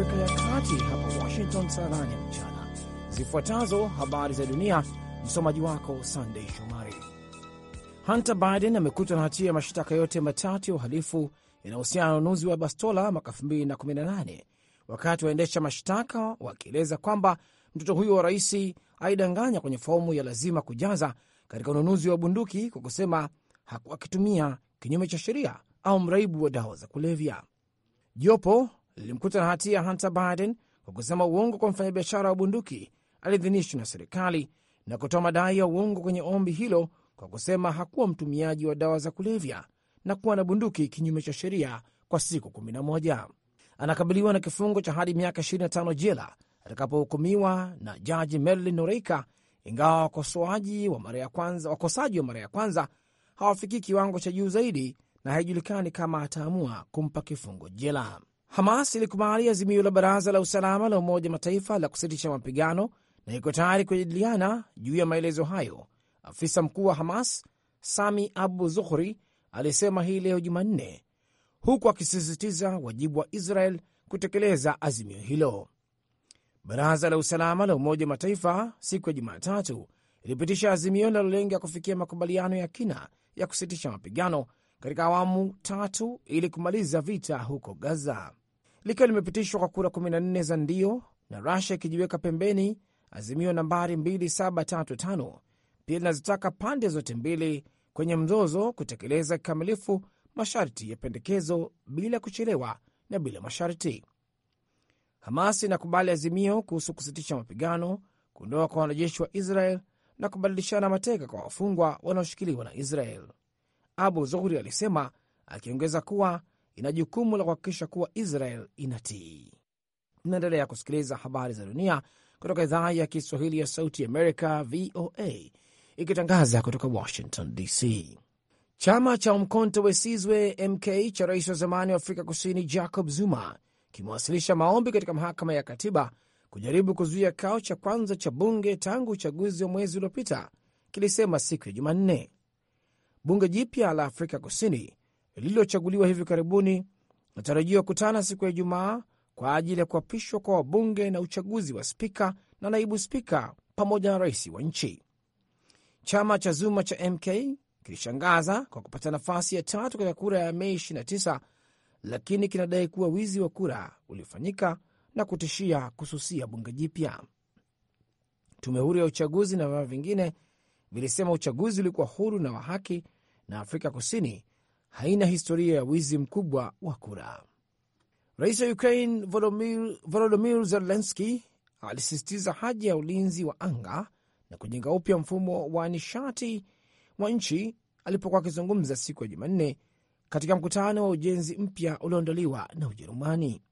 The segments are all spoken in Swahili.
Afrika ya Kati, hapa Washington saa nane mchana. Zifuatazo habari za dunia, msomaji wako Sandei Shomari. Hunter Biden amekutwa na hatia ya mashtaka yote matatu ya uhalifu yanayohusiana na ununuzi wa bastola mwaka 2018 wakati waendesha mashtaka wakieleza kwamba mtoto huyo wa rais alidanganya kwenye fomu ya lazima kujaza katika ununuzi wa bunduki kwa kusema hakuwa akitumia kinyume cha sheria au mraibu wa dawa za kulevya. Jopo lilimkuta na hatia Hunter Biden kwa kusema uongo kwa mfanyabiashara wa bunduki aliidhinishwa na serikali na kutoa madai ya uongo kwenye ombi hilo kwa kusema hakuwa mtumiaji wa dawa za kulevya na kuwa na bunduki kinyume cha sheria kwa siku 11. Anakabiliwa na kifungo cha hadi miaka 25 jela atakapohukumiwa na jaji Merlin Noreika, ingawa wakosoaji wa mara ya kwanza, wakosaji wa mara ya kwanza hawafikii kiwango cha juu zaidi na haijulikani kama ataamua kumpa kifungo jela. Hamas ilikubali azimio la Baraza la Usalama la Umoja Mataifa la kusitisha mapigano na iko tayari kujadiliana juu ya maelezo hayo. Afisa mkuu wa Hamas Sami Abu Zuhri alisema hii leo Jumanne, huku akisisitiza wajibu wa Israel kutekeleza azimio hilo. Baraza la Usalama la Umoja Mataifa siku ya Jumatatu ilipitisha azimio linalolenga kufikia makubaliano ya kina ya kusitisha mapigano katika awamu tatu ili kumaliza vita huko Gaza likiwa limepitishwa kwa kura 14 za ndio na Rusia ikijiweka pembeni. Azimio nambari 2735 pia linazitaka pande zote mbili kwenye mzozo kutekeleza kikamilifu masharti ya pendekezo bila kuchelewa na bila masharti. Hamas inakubali azimio kuhusu kusitisha mapigano, kuondoka kwa wanajeshi wa Israel na kubadilishana mateka kwa wafungwa wanaoshikiliwa na Israel, Abu Zuhri alisema, akiongeza kuwa ina jukumu la kuhakikisha kuwa Israel inatii. Mnaendelea kusikiliza habari za dunia kutoka idhaa ya Kiswahili ya Sauti Amerika, VOA, ikitangaza kutoka Washington DC. Chama cha Umkhonto we Sizwe MK cha rais wa zamani wa Afrika Kusini Jacob Zuma kimewasilisha maombi katika mahakama ya katiba kujaribu kuzuia kikao cha kwanza cha bunge tangu uchaguzi wa mwezi uliopita, kilisema siku ya Jumanne. Bunge jipya la Afrika Kusini lililochaguliwa hivi karibuni natarajiwa kutana siku ya Ijumaa kwa ajili ya kuapishwa kwa wabunge na uchaguzi wa spika na naibu spika pamoja na rais wa nchi. Chama cha Zuma cha MK kilishangaza kwa kupata nafasi ya tatu katika kura ya Mei 29 lakini kinadai kuwa wizi wa kura uliofanyika na kutishia kususia bunge jipya. Tume huru ya uchaguzi na vyama vingine vilisema uchaguzi ulikuwa huru na wa haki, na Afrika Kusini haina historia ya wizi mkubwa wa kura. Rais wa Ukraine Volodymyr Zelensky alisisitiza haja ya ulinzi wa anga na kujenga upya mfumo wa nishati wa nchi alipokuwa akizungumza siku ya Jumanne katika mkutano wa ujenzi mpya ulioandaliwa na Ujerumani.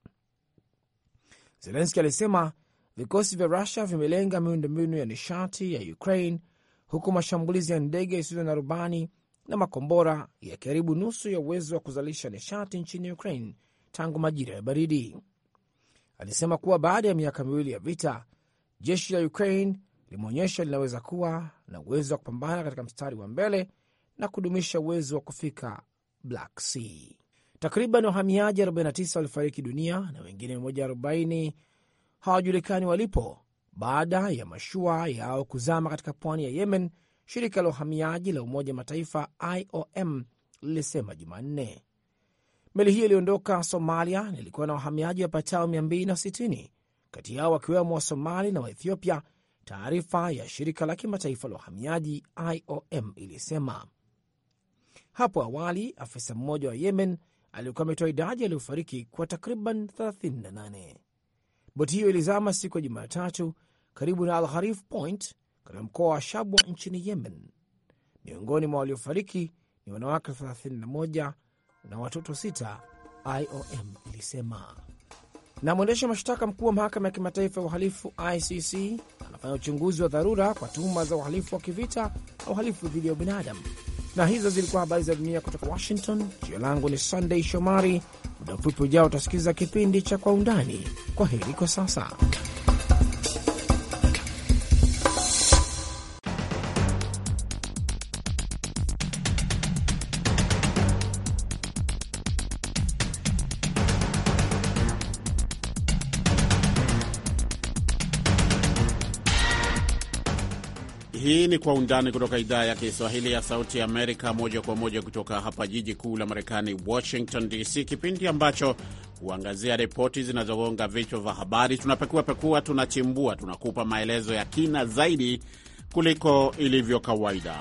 Zelenski alisema vikosi vya Rusia vimelenga miundombinu ya nishati ya Ukraine, huku mashambulizi ya ndege isiyo na rubani na makombora yakiharibu nusu ya uwezo wa kuzalisha nishati nchini Ukraine tangu majira ya baridi. Alisema kuwa baada ya miaka miwili ya vita, jeshi la Ukraine limeonyesha linaweza kuwa na uwezo wa kupambana katika mstari wa mbele na kudumisha uwezo wa kufika Black Sea. Takriban wahamiaji 49 walifariki dunia na wengine 140 hawajulikani walipo baada ya mashua yao kuzama katika pwani ya Yemen shirika la uhamiaji la Umoja Mataifa IOM lilisema Jumanne. Meli hiyo iliondoka Somalia nilikuwa na wahamiaji wapatao 260 kati yao wakiwemo wa Somali na Waethiopia. Taarifa ya shirika la kimataifa la uhamiaji IOM ilisema hapo awali. Afisa mmoja wa Yemen alikuwa ametoa idadi aliyofariki kwa takriban 38. Boti hiyo ilizama siku ya Jumatatu karibu na Al Point katika mkoa wa Shabwa nchini Yemen. Miongoni mwa waliofariki ni wanawake 31 na watoto 6, IOM ilisema. Na mwendesha mashtaka mkuu wa mahakama ya kimataifa ya uhalifu ICC anafanya uchunguzi wa dharura kwa tuhuma za uhalifu wa kivita na uhalifu dhidi ya ubinadamu Na hizo zilikuwa habari za dunia kutoka Washington. Jina langu ni Sunday Shomari. Muda mfupi ujao utasikiliza kipindi cha Kwa Undani. Kwa heri kwa sasa. ni Kwa Undani kutoka idhaa ya Kiswahili ya Sauti ya Amerika, moja kwa moja kutoka hapa jiji kuu la Marekani, Washington DC, kipindi ambacho huangazia ripoti zinazogonga vichwa vya habari. Tunapekuapekua, tunachimbua, tunakupa maelezo ya kina zaidi kuliko ilivyo kawaida.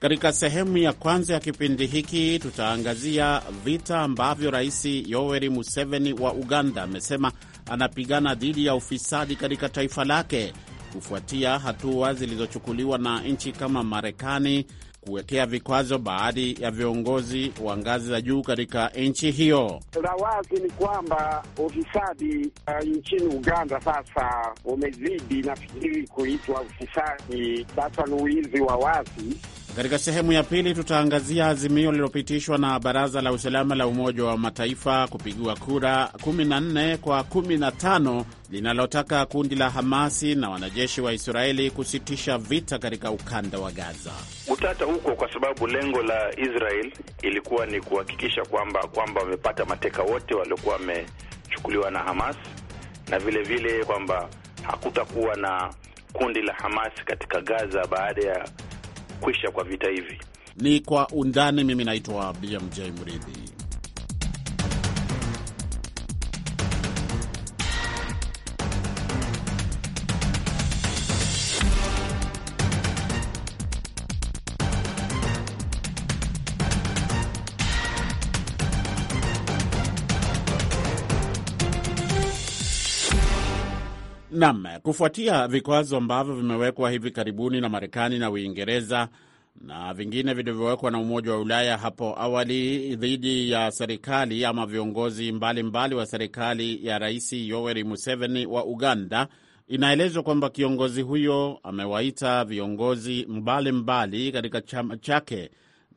Katika sehemu ya kwanza ya kipindi hiki tutaangazia vita ambavyo Rais Yoweri Museveni wa Uganda amesema anapigana dhidi ya ufisadi katika taifa lake kufuatia hatua zilizochukuliwa na nchi kama Marekani kuwekea vikwazo baadhi ya viongozi wa ngazi za juu katika nchi hiyo. La wazi ni kwamba ufisadi uh, nchini Uganda sasa umezidi, nafikiri kuitwa ufisadi sasa ni uizi wa wazi katika sehemu ya pili tutaangazia azimio lililopitishwa na Baraza la Usalama la Umoja wa Mataifa kupigiwa kura 14 kwa 15 linalotaka kundi la Hamasi na wanajeshi wa Israeli kusitisha vita katika ukanda wa Gaza. Utata huko kwa sababu lengo la Israel ilikuwa ni kuhakikisha kwamba kwamba wamepata mateka wote waliokuwa wamechukuliwa na Hamas na vilevile kwamba hakutakuwa na kundi la Hamas katika Gaza baada ya kwisha kwa vita hivi. Ni kwa undani. Mimi naitwa BMJ Mridhi. nam kufuatia vikwazo ambavyo vimewekwa hivi karibuni na Marekani na Uingereza na vingine vilivyowekwa na Umoja wa Ulaya hapo awali dhidi ya serikali ama viongozi mbalimbali mbali wa serikali ya Rais Yoweri Museveni wa Uganda, inaelezwa kwamba kiongozi huyo amewaita viongozi mbalimbali katika chama chake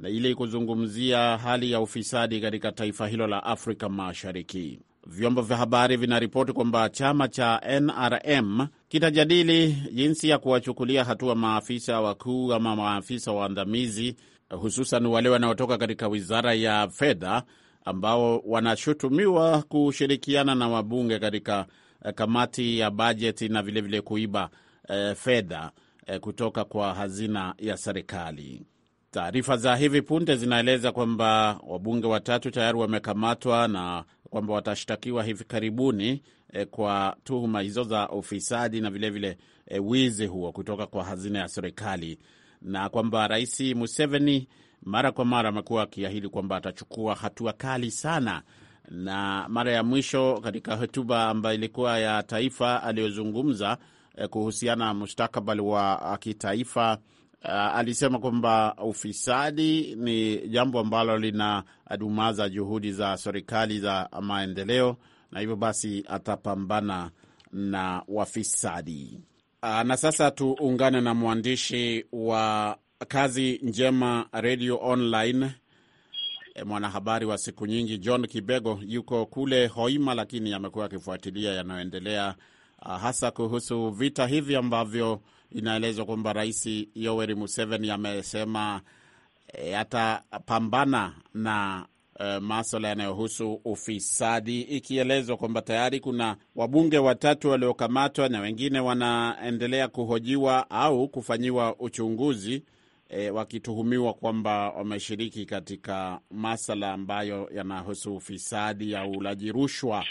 ili kuzungumzia hali ya ufisadi katika taifa hilo la Afrika Mashariki vyombo vya habari vinaripoti kwamba chama cha NRM kitajadili jinsi ya kuwachukulia hatua maafisa wakuu ama maafisa waandamizi, hususan wale wanaotoka katika wizara ya fedha ambao wanashutumiwa kushirikiana na wabunge katika eh, kamati ya bajeti na vilevile vile kuiba eh, fedha eh, kutoka kwa hazina ya serikali. Taarifa za hivi punde zinaeleza kwamba wabunge watatu tayari wamekamatwa na kwamba watashtakiwa hivi karibuni e, kwa tuhuma hizo za ufisadi na vilevile vile, e, wizi huo kutoka kwa hazina ya serikali na kwamba Rais Museveni mara kwa mara amekuwa akiahidi kwamba atachukua hatua kali sana na mara ya mwisho katika hotuba ambayo ilikuwa ya taifa aliyozungumza eh, kuhusiana na mustakabali wa eh, kitaifa Uh, alisema kwamba ufisadi ni jambo ambalo linadumaza juhudi za serikali za maendeleo na hivyo basi atapambana na wafisadi. Uh, na sasa tuungane na mwandishi wa Kazi Njema Radio Online, eh, mwanahabari wa siku nyingi John Kibego yuko kule Hoima, lakini amekuwa akifuatilia yanayoendelea, uh, hasa kuhusu vita hivi ambavyo inaelezwa kwamba Rais Yoweri Museveni amesema e, atapambana na e, maswala yanayohusu ufisadi, ikielezwa kwamba tayari kuna wabunge watatu waliokamatwa na wengine wanaendelea kuhojiwa au kufanyiwa uchunguzi e, wakituhumiwa kwamba wameshiriki katika masala ambayo yanahusu ufisadi au ulaji rushwa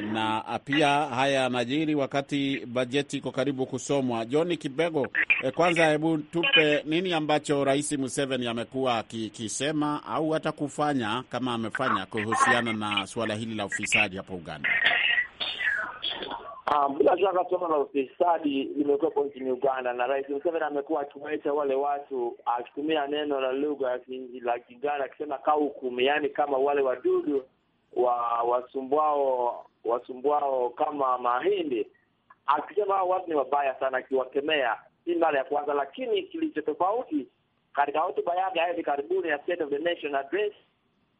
na pia haya yanajiri wakati bajeti iko karibu kusomwa. John Kibego, eh, kwanza hebu tupe nini ambacho Rais Museveni amekuwa akikisema au hata kufanya kama amefanya kuhusiana na suala hili la ufisadi hapo Uganda? Ah, bila shaka suala la ufisadi limekuwepo nchini Uganda na Rais Museveni amekuwa akiwaita wale watu akitumia neno la lugha la Kiganda akisema kaukumi yaani kama wale wadudu wa wasumbwao wasumbwao kama mahindi. Akisema hao watu ni wabaya sana, akiwakemea, si mara ya kwanza. Lakini kilicho tofauti katika hotuba yake ya hivi karibuni ya State of the Nation Address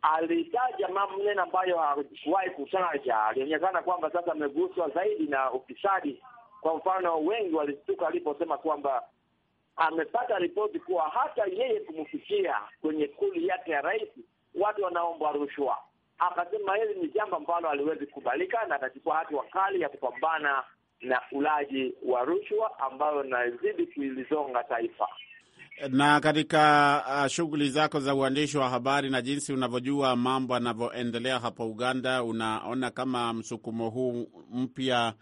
alitaja ambayo hakuwahi kutaja. Alionyekana kwamba sasa ameguswa zaidi na ufisadi. Kwa mfano, wengi walistuka aliposema kwamba amepata ripoti kuwa hata yeye kumfikia kwenye kuli yake ya rais watu wanaombwa rushwa akasema hili ni jambo ambalo aliwezi kukubalika na atachukua hatua kali ya kupambana na ulaji wa rushwa ambayo inazidi kuilizonga taifa. Na katika uh, shughuli zako za uandishi wa habari na jinsi unavyojua mambo yanavyoendelea hapo Uganda, unaona kama msukumo huu mpya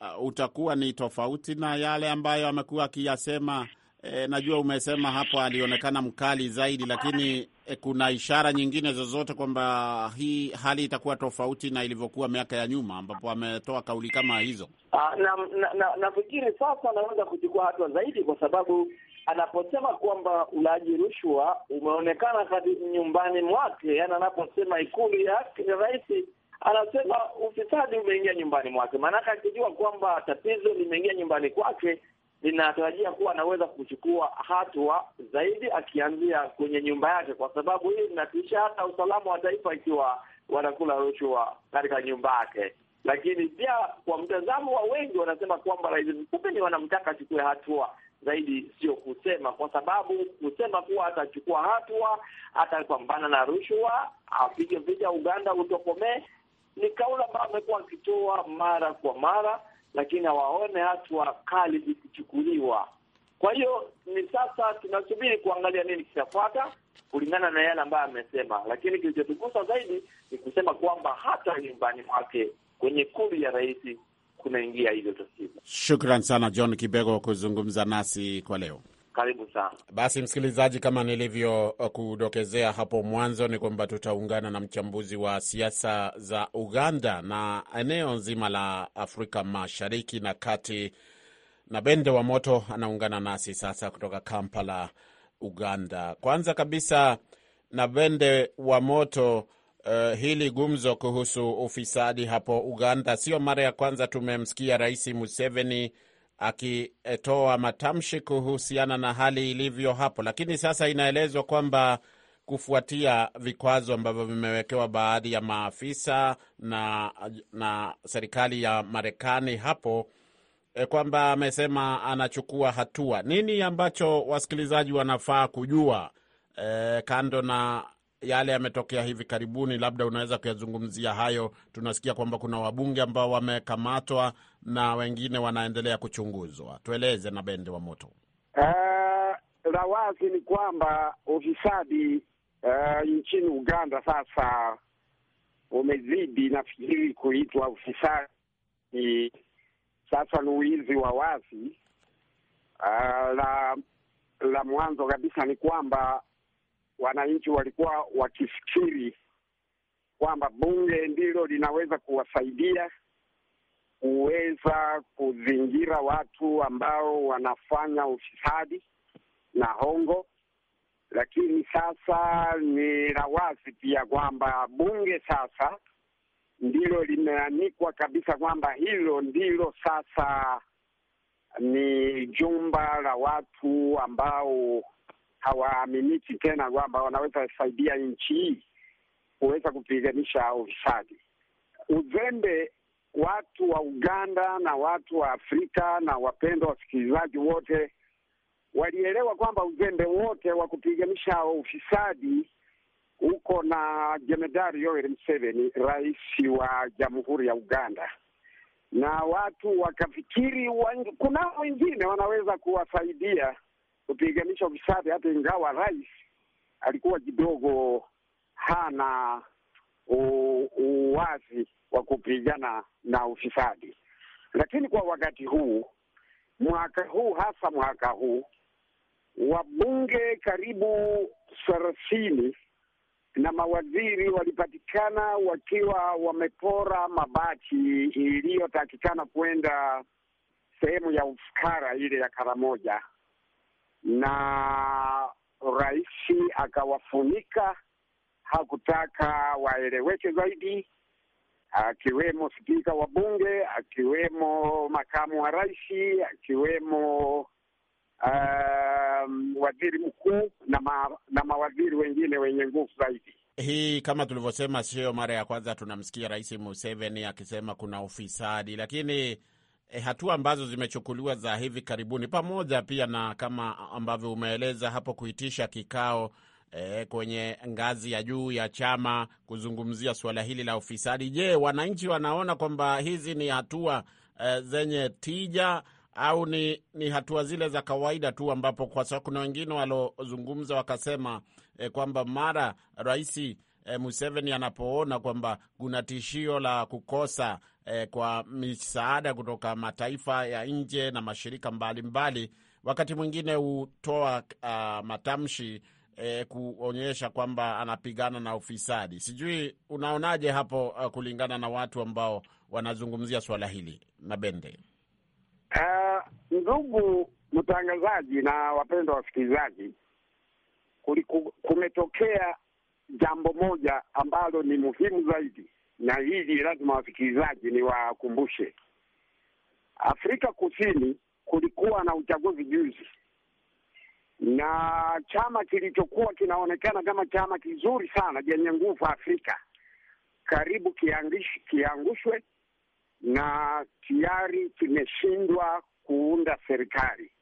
uh, utakuwa ni tofauti na yale ambayo amekuwa akiyasema E, najua umesema hapo alionekana mkali zaidi, lakini e, kuna ishara nyingine zozote kwamba hii hali itakuwa tofauti na ilivyokuwa miaka ya nyuma ambapo ametoa kauli kama hizo? Aa, ah, na, na, na, sasa anaweza kuchukua hatua zaidi, kwa sababu anaposema kwamba ulaji rushwa umeonekana kati nyumbani mwake, yani anaposema ikulu ya rais anasema ufisadi umeingia nyumbani mwake, maanake akijua kwamba tatizo limeingia nyumbani kwake linatarajia kuwa anaweza kuchukua hatua zaidi, akianzia kwenye nyumba yake, kwa sababu hii inatisha hata usalama wa taifa ikiwa wanakula rushwa katika nyumba yake. Lakini pia kwa mtazamo wa wengi, wanasema kwamba rais Museveni wanamtaka achukue hatua zaidi, sio kusema, kwa sababu kusema kuwa atachukua hatua, atapambana na rushwa, apige vita Uganda utokomee, ni kauli ambayo amekuwa akitoa mara kwa mara lakini hawaone hatua kali zikichukuliwa. Kwa hiyo ni sasa tunasubiri kuangalia nini kitafuata kulingana na yale ambayo amesema, lakini kilichotugusa zaidi ni kusema kwamba hata nyumbani mwake kwenye ikulu ya rais kunaingia hivyo tasibu. Shukran sana John Kibego kuzungumza nasi kwa leo. Karibu sana. Basi msikilizaji, kama nilivyokudokezea hapo mwanzo, ni kwamba tutaungana na mchambuzi wa siasa za Uganda na eneo nzima la Afrika Mashariki na Kati, na Bende wa Moto anaungana nasi sasa kutoka Kampala, Uganda. Kwanza kabisa, na Bende wa Moto, Uh, hili gumzo kuhusu ufisadi hapo Uganda sio mara ya kwanza. Tumemsikia Rais Museveni akitoa matamshi kuhusiana na hali ilivyo hapo, lakini sasa inaelezwa kwamba kufuatia vikwazo ambavyo vimewekewa baadhi ya maafisa na, na serikali ya Marekani hapo e, kwamba amesema anachukua hatua. Nini ambacho wasikilizaji wanafaa kujua e, kando na yale yametokea hivi karibuni, labda unaweza kuyazungumzia hayo. Tunasikia kwamba kuna wabunge ambao wamekamatwa na wengine wanaendelea kuchunguzwa. Tueleze na bende wa moto. Uh, la wazi ni kwamba ufisadi uh, nchini Uganda sasa umezidi, nafikiri kuitwa ufisadi sasa ni uizi wa wazi. Uh, la la mwanzo kabisa ni kwamba wananchi walikuwa wakifikiri kwamba bunge ndilo linaweza kuwasaidia kuweza kuzingira watu ambao wanafanya ufisadi na hongo, lakini sasa ni la wazi pia kwamba bunge sasa ndilo limeanikwa kabisa kwamba hilo ndilo sasa ni jumba la watu ambao hawaaminiki tena kwamba wanaweza saidia nchi hii kuweza kupiganisha ufisadi. Uzembe watu wa Uganda na watu wa Afrika na wapendwa wasikilizaji wote walielewa kwamba uzembe wote wa kupiganisha ufisadi uko na jemedari Yoweri Museveni, rais wa jamhuri ya Uganda, na watu wakafikiri wa, kunao wengine wanaweza kuwasaidia kupiganisha ufisadi, hata ingawa rais alikuwa kidogo hana uwazi wa kupigana na ufisadi, lakini kwa wakati huu, mwaka huu, hasa mwaka huu, wabunge karibu thelathini na mawaziri walipatikana wakiwa wamepora mabati iliyotakikana kwenda sehemu ya ufukara ile ya Karamoja na rais akawafunika, hakutaka waeleweke zaidi, akiwemo spika wa bunge, akiwemo makamu wa rais, akiwemo um, waziri mkuu na, ma, na mawaziri wengine wenye nguvu zaidi. Hii kama tulivyosema, sio mara ya kwanza tunamsikia Rais Museveni akisema kuna ufisadi, lakini e, hatua ambazo zimechukuliwa za hivi karibuni, pamoja pia na kama ambavyo umeeleza hapo, kuitisha kikao e, kwenye ngazi ya juu ya chama kuzungumzia suala hili la ufisadi. Je, wananchi wanaona kwamba hizi ni hatua e, zenye tija au ni, ni hatua zile za kawaida tu, ambapo kwa sababu kuna wengine walozungumza wakasema e, kwamba mara raisi e, Museveni anapoona kwamba kuna tishio la kukosa eh, kwa misaada kutoka mataifa ya nje na mashirika mbalimbali mbali, wakati mwingine hutoa ah, matamshi eh, kuonyesha kwamba anapigana na ufisadi. Sijui unaonaje hapo uh, kulingana na watu ambao wanazungumzia swala hili Mabende? Uh, ndugu mtangazaji na wapendwa wasikilizaji, kumetokea jambo moja ambalo ni muhimu zaidi, na hili lazima wasikilizaji niwakumbushe. Afrika Kusini kulikuwa na uchaguzi juzi, na chama kilichokuwa kinaonekana kama chama kizuri sana chenye nguvu Afrika karibu kiangish, kiangushwe na tayari kimeshindwa kuunda serikali.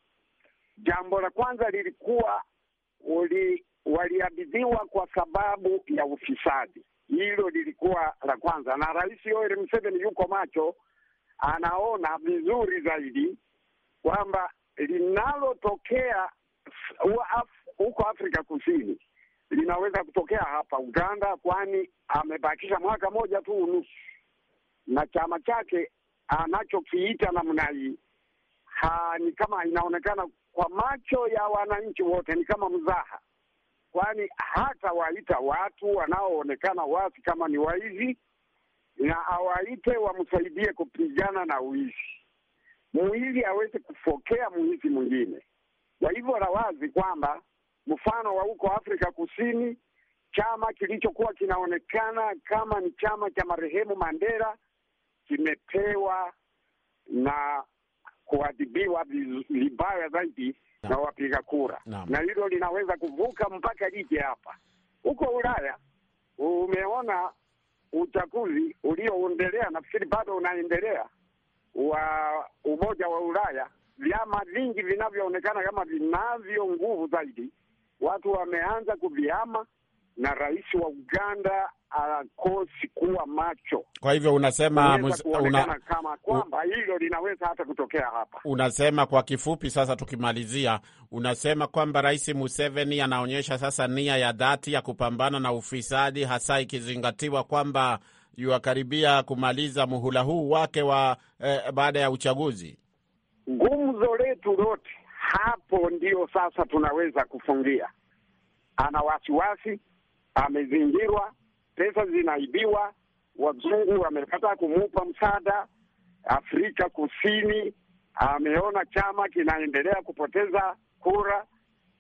Jambo la kwanza lilikuwa waliabidhiwa kwa sababu ya ufisadi. Hilo lilikuwa la kwanza, na Rais Yoweri Museveni yuko macho, anaona vizuri zaidi kwamba linalotokea huko Afrika Kusini linaweza kutokea hapa Uganda, kwani amebakisha mwaka moja tu unusu, na chama chake anachokiita namna hii ni kama inaonekana kwa macho ya wananchi wote ni kama mzaha, kwani hata waita watu wanaoonekana wazi kama ni waizi, na awaite wamsaidie kupigana na uizi, mwizi aweze kufokea mwizi mwingine. Kwa hivyo la wazi kwamba mfano wa huko Afrika Kusini, chama kilichokuwa kinaonekana kama ni chama cha marehemu Mandela kimepewa na kuadhibiwa vibaya zaidi na wapiga kura na, hilo linaweza kuvuka mpaka jiji hapa. Huko Ulaya umeona uchaguzi ulioendelea, nafikiri bado unaendelea, wa umoja wa Ulaya, vyama vingi vinavyoonekana kama vinavyo nguvu zaidi, watu wameanza kuvihama na rais wa Uganda akosi uh, kuwa macho. Kwa hivyo unasema una, kama kwamba hilo linaweza hata kutokea hapa. Unasema kwa kifupi, sasa tukimalizia, unasema kwamba Rais Museveni anaonyesha sasa nia ya dhati ya kupambana na ufisadi, hasa ikizingatiwa kwamba yuakaribia kumaliza muhula huu wake wa eh, baada ya uchaguzi. Gumzo letu lote hapo, ndio sasa tunaweza kufungia. Ana wasiwasi amezingirwa, pesa zinaibiwa, wazungu wamekataa kumupa msaada. Afrika Kusini ameona chama kinaendelea kupoteza kura.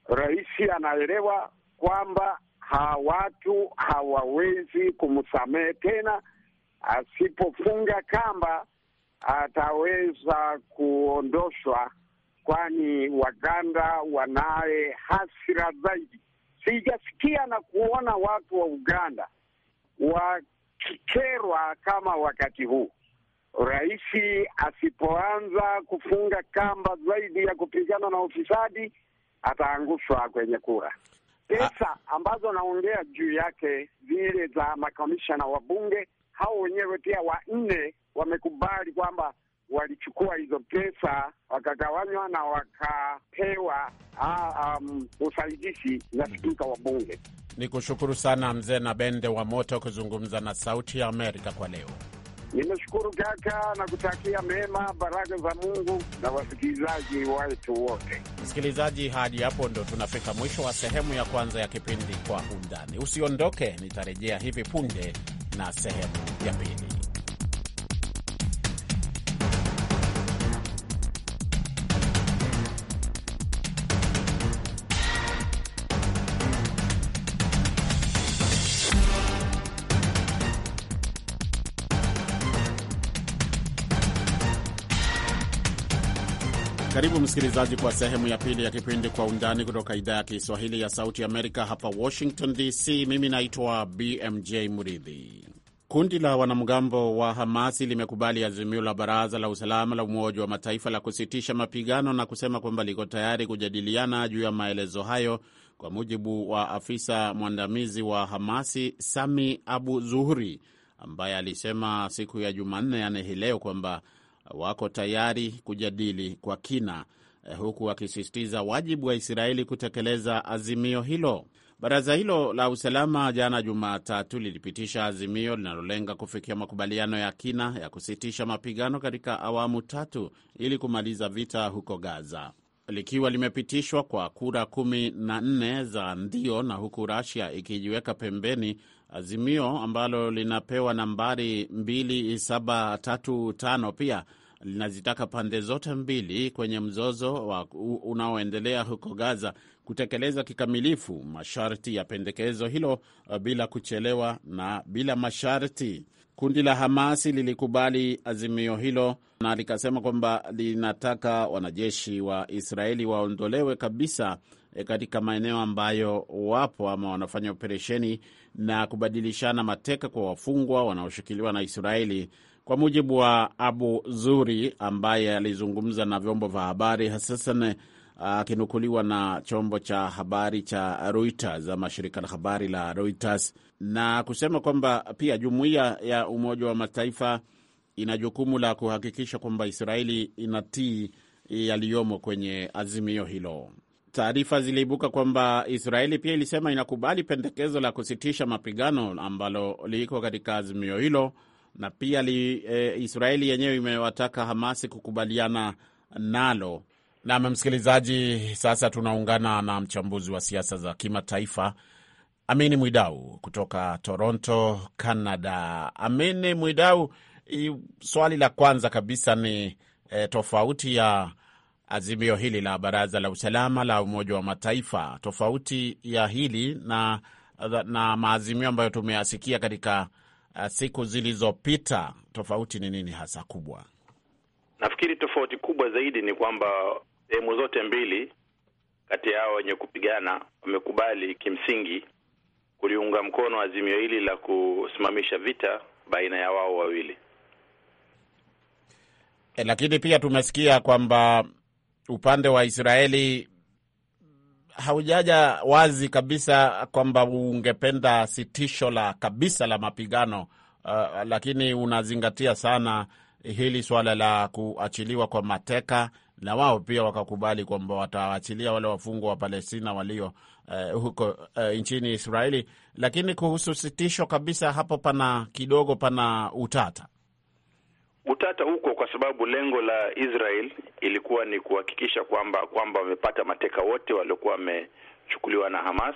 Rais anaelewa kwamba hawa watu hawawezi kumsamehe tena. Asipofunga kamba, ataweza kuondoshwa, kwani Waganda wanaye hasira zaidi Sijasikia na kuona watu wa Uganda wakikerwa kama wakati huu. Rais asipoanza kufunga kamba zaidi ya kupigana na ufisadi, ataangushwa kwenye kura. Pesa ambazo naongea juu yake, zile za makamishana wa bunge, hao wenyewe pia wanne wamekubali kwamba walichukua hizo pesa wakagawanywa na wakapewa ah, um, usaidizi na spika wa bunge. Ni kushukuru sana mzee na bende wa moto kuzungumza na Sauti ya Amerika kwa leo. Nimeshukuru kaka na kutakia mema, baraka za Mungu na wasikilizaji wetu wote. Msikilizaji, hadi hapo ndo tunafika mwisho wa sehemu ya kwanza ya kipindi Kwa Undani. Usiondoke, nitarejea hivi punde na sehemu ya pili. Karibu msikilizaji kwa sehemu ya pili ya kipindi Kwa Undani kutoka idhaa ya Kiswahili ya Sauti Amerika hapa Washington DC. Mimi naitwa BMJ Muridhi. Kundi la wanamgambo wa Hamasi limekubali azimio la Baraza la Usalama la Umoja wa Mataifa la kusitisha mapigano na kusema kwamba liko tayari kujadiliana juu ya maelezo hayo, kwa mujibu wa afisa mwandamizi wa Hamasi Sami Abu Zuhuri ambaye alisema siku ya Jumanne yani hii leo kwamba wako tayari kujadili kwa kina, eh, huku wakisisitiza wajibu wa Israeli kutekeleza azimio hilo. Baraza hilo la usalama jana Jumatatu lilipitisha azimio linalolenga kufikia makubaliano ya kina ya kusitisha mapigano katika awamu tatu ili kumaliza vita huko Gaza, likiwa limepitishwa kwa kura kumi na nne za ndio, na huku Rasia ikijiweka pembeni, azimio ambalo linapewa nambari 2735 pia linazitaka pande zote mbili kwenye mzozo wa unaoendelea huko Gaza kutekeleza kikamilifu masharti ya pendekezo hilo uh, bila kuchelewa na bila masharti. Kundi la Hamasi lilikubali azimio hilo na likasema kwamba linataka wanajeshi wa Israeli waondolewe kabisa eh, katika maeneo ambayo wapo ama wanafanya operesheni na kubadilishana mateka kwa wafungwa wanaoshikiliwa na Israeli kwa mujibu wa Abu Zuri ambaye alizungumza na vyombo vya habari hususan akinukuliwa na chombo cha habari cha Reuters ama shirika la habari la Reuters na kusema kwamba pia jumuiya ya Umoja wa Mataifa ina jukumu la kuhakikisha kwamba Israeli inatii yaliyomo kwenye azimio hilo. Taarifa ziliibuka kwamba Israeli pia ilisema inakubali pendekezo la kusitisha mapigano ambalo liko katika azimio hilo na pia li, e, Israeli yenyewe imewataka Hamasi kukubaliana nalo. Nam msikilizaji, sasa tunaungana na mchambuzi wa siasa za kimataifa Amini Mwidau kutoka Toronto, Canada. Amini Mwidau, swali la kwanza kabisa ni e, tofauti ya azimio hili la Baraza la Usalama la Umoja wa Mataifa, tofauti ya hili na, na maazimio ambayo tumeyasikia katika Ah, siku zilizopita, tofauti ni nini hasa kubwa? Nafikiri tofauti kubwa zaidi ni kwamba sehemu zote mbili kati yao wenye kupigana wamekubali kimsingi kuliunga mkono azimio hili la kusimamisha vita baina ya wao wawili. E, lakini pia tumesikia kwamba upande wa Israeli haujaja wazi kabisa kwamba ungependa sitisho la kabisa la mapigano uh, lakini unazingatia sana hili swala la kuachiliwa kwa mateka na wao pia wakakubali kwamba wataachilia wale wafungwa wa Palestina walio uh, huko uh, nchini Israeli. Lakini kuhusu sitisho kabisa, hapo pana kidogo pana utata. Utata huko kwa sababu lengo la Israel ilikuwa ni kuhakikisha kwamba kwamba wamepata mateka wote waliokuwa wamechukuliwa na Hamas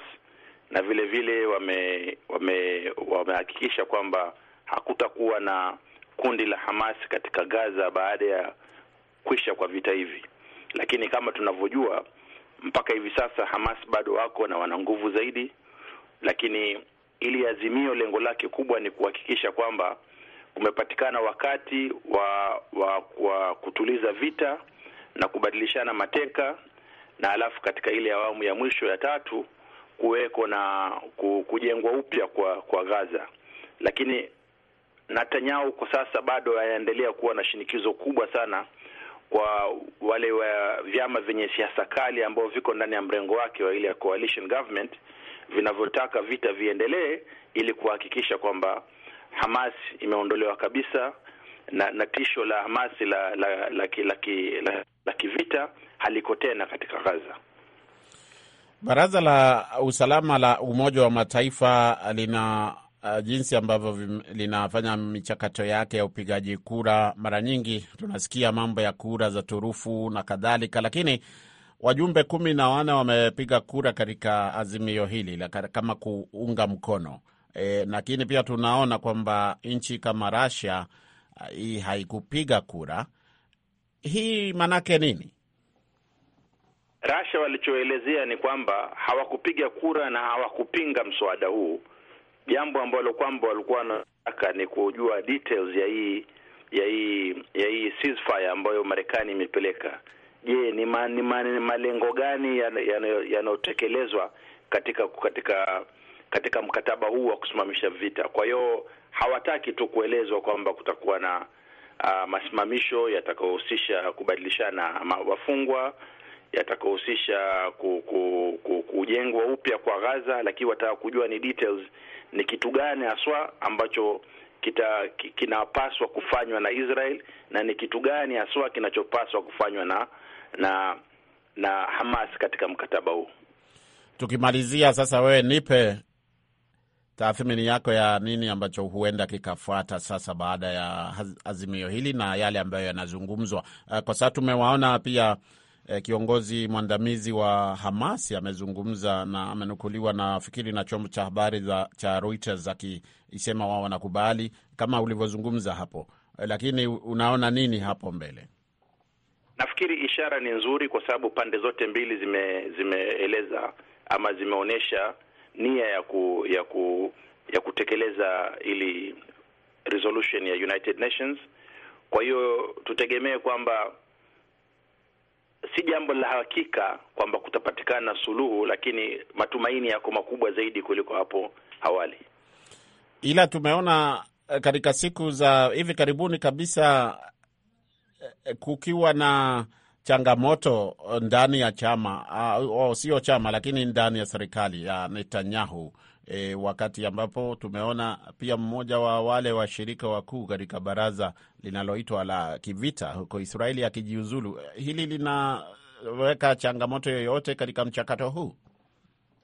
na vile vile wame- wame- wamehakikisha kwamba hakutakuwa na kundi la Hamas katika Gaza baada ya kwisha kwa vita hivi. Lakini kama tunavyojua, mpaka hivi sasa Hamas bado wako na wana nguvu zaidi, lakini ili azimio lengo lake kubwa ni kuhakikisha kwamba kumepatikana wakati wa, wa, wa kutuliza vita na kubadilishana mateka na alafu katika ile awamu ya mwisho ya tatu kuweko na kujengwa upya kwa kwa Gaza, lakini Netanyahu kwa sasa bado anaendelea kuwa na shinikizo kubwa sana kwa wale wa vyama vyenye siasa kali ambao viko ndani ya mrengo wake wa ile coalition government vinavyotaka vita viendelee ili kuhakikisha kwamba Hamas imeondolewa kabisa na, na tisho la Hamas la la, la, la, la, la kivita haliko tena katika Gaza. Baraza la usalama la Umoja wa Mataifa lina uh, jinsi ambavyo linafanya michakato yake ya upigaji kura. Mara nyingi tunasikia mambo ya kura za turufu na kadhalika, lakini wajumbe kumi na wane wamepiga kura katika azimio hili la kama kuunga mkono E, lakini pia tunaona kwamba nchi kama Russia uh, hii haikupiga kura hii, maanaake nini? Russia walichoelezea ni kwamba hawakupiga kura na hawakupinga mswada huu, jambo ambalo kwamba walikuwa wanataka ni kujua details ya hii ya hii ya hii ceasefire ambayo Marekani imepeleka. Je, ni, ma, ni, ma, ni malengo gani yanayotekelezwa ya, ya katika katika katika mkataba huu wa kusimamisha vita. Kwa hiyo hawataki tu kuelezwa kwamba kutakuwa na uh, masimamisho yatakayohusisha kubadilishana wafungwa, yatakayohusisha kujengwa upya kwa Gaza, lakini wataka kujua ni details, ni kitu gani haswa ambacho kita kinapaswa kufanywa na Israel na ni kitu gani haswa kinachopaswa kufanywa na na na Hamas katika mkataba huu. Tukimalizia sasa, wewe nipe tathmini yako ya nini ambacho huenda kikafuata sasa baada ya azimio hili na yale ambayo yanazungumzwa eh, kwa sasa? Tumewaona pia eh, kiongozi mwandamizi wa Hamas amezungumza na amenukuliwa na fikiri na chombo cha habari cha Reuters akisema wao wanakubali kama ulivyozungumza hapo, eh, lakini unaona nini hapo mbele? Nafikiri ishara ni nzuri, kwa sababu pande zote mbili zime zimeeleza ama zimeonyesha nia ya ku, ya ku, ya kutekeleza ili resolution ya United Nations. Kwa hiyo tutegemee kwamba si jambo la hakika kwamba kutapatikana suluhu, lakini matumaini yako makubwa zaidi kuliko hapo awali. Ila tumeona eh, katika siku za hivi karibuni kabisa eh, kukiwa na changamoto ndani ya chama uh, oh, sio chama lakini ndani ya serikali ya Netanyahu e, wakati ambapo tumeona pia mmoja wa wale washirika wakuu katika baraza linaloitwa la kivita huko Israeli akijiuzulu. Hili linaweka changamoto yoyote katika mchakato huu?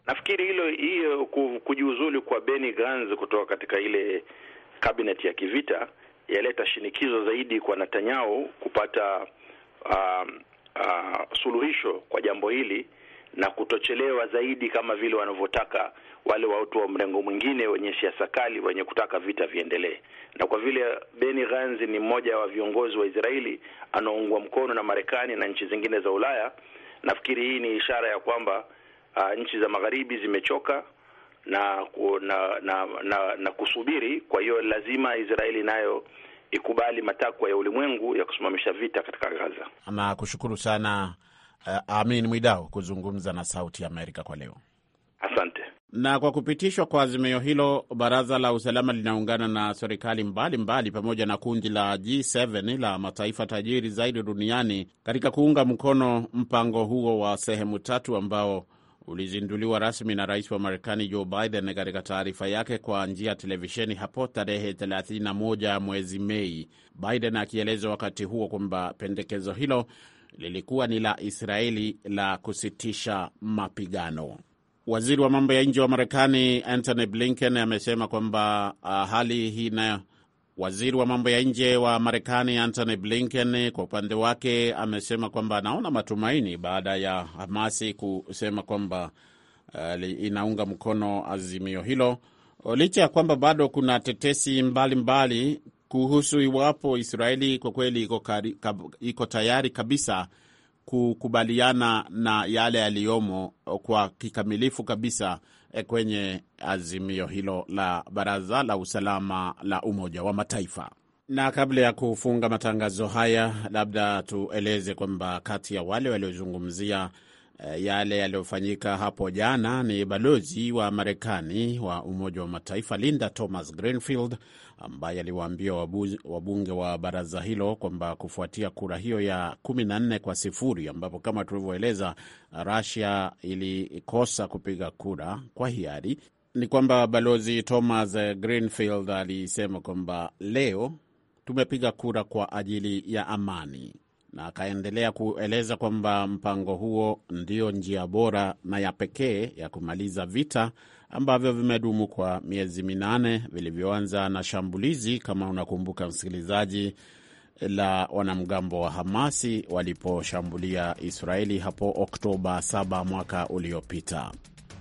Nafikiri hilo hiyo kujiuzulu kwa Benny Gantz kutoka katika ile kabineti ya kivita yaleta shinikizo zaidi kwa Netanyahu kupata um, uh, suluhisho kwa jambo hili na kutochelewa zaidi kama vile wanavyotaka wale watu wa mrengo mwingine wenye siasa kali wenye kutaka vita viendelee. Na kwa vile Benny Gantz ni mmoja wa viongozi wa Israeli anaoungwa mkono na Marekani na nchi zingine za Ulaya, nafikiri hii ni ishara ya kwamba uh, nchi za magharibi zimechoka na na, na, na, na kusubiri. Kwa hiyo lazima Israeli nayo ikubali matakwa ya ulimwengu ya kusimamisha vita katika Gaza. Na kushukuru sana uh, Amin Mwidau kuzungumza na Sauti ya Amerika kwa leo, asante. Na kwa kupitishwa kwa azimio hilo, baraza la usalama linaungana na serikali mbalimbali pamoja na kundi la G7 la mataifa tajiri zaidi duniani katika kuunga mkono mpango huo wa sehemu tatu ambao ulizinduliwa rasmi na rais wa Marekani Joe Biden katika taarifa yake kwa njia ya televisheni hapo tarehe 31 mwezi Mei, Biden akieleza wakati huo kwamba pendekezo hilo lilikuwa ni la Israeli la kusitisha mapigano. Waziri wa mambo ya nje wa Marekani Antony Blinken amesema kwamba ah, hali hii Waziri wa mambo ya nje wa Marekani Antony Blinken kwa upande wake amesema kwamba anaona matumaini baada ya Hamasi kusema kwamba uh, eh, inaunga mkono azimio hilo licha ya kwamba bado kuna tetesi mbalimbali mbali kuhusu iwapo Israeli kwa kweli iko, iko tayari kabisa kukubaliana na yale yaliyomo kwa kikamilifu kabisa Eh, kwenye azimio hilo la Baraza la Usalama la Umoja wa Mataifa. Na kabla ya kufunga matangazo haya, labda tueleze kwamba kati ya wale waliozungumzia Eh, yale yaliyofanyika hapo jana ni balozi wa Marekani wa Umoja wa Mataifa Linda Thomas Greenfield ambaye aliwaambia wabunge wa baraza hilo kwamba kufuatia kura hiyo ya 14 kwa sifuri, ambapo kama tulivyoeleza Russia ilikosa kupiga kura kwa hiari, ni kwamba balozi Thomas Greenfield alisema kwamba leo tumepiga kura kwa ajili ya amani na akaendelea kueleza kwamba mpango huo ndio njia bora na ya pekee ya kumaliza vita ambavyo vimedumu kwa miezi minane vilivyoanza na shambulizi, kama unakumbuka msikilizaji, la wanamgambo wa Hamasi waliposhambulia Israeli hapo Oktoba 7 mwaka uliopita.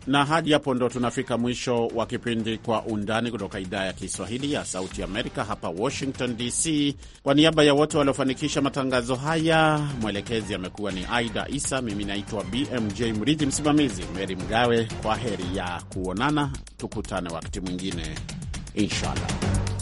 Na hadi hapo ndo tunafika mwisho wa kipindi Kwa Undani kutoka idhaa ya Kiswahili ya Sauti Amerika, hapa Washington DC. Kwa niaba ya wote waliofanikisha matangazo haya, mwelekezi amekuwa ni Aida Isa, mimi naitwa BMJ Mridhi, msimamizi Meri Mgawe. Kwa heri ya kuonana, tukutane wakati mwingine inshallah.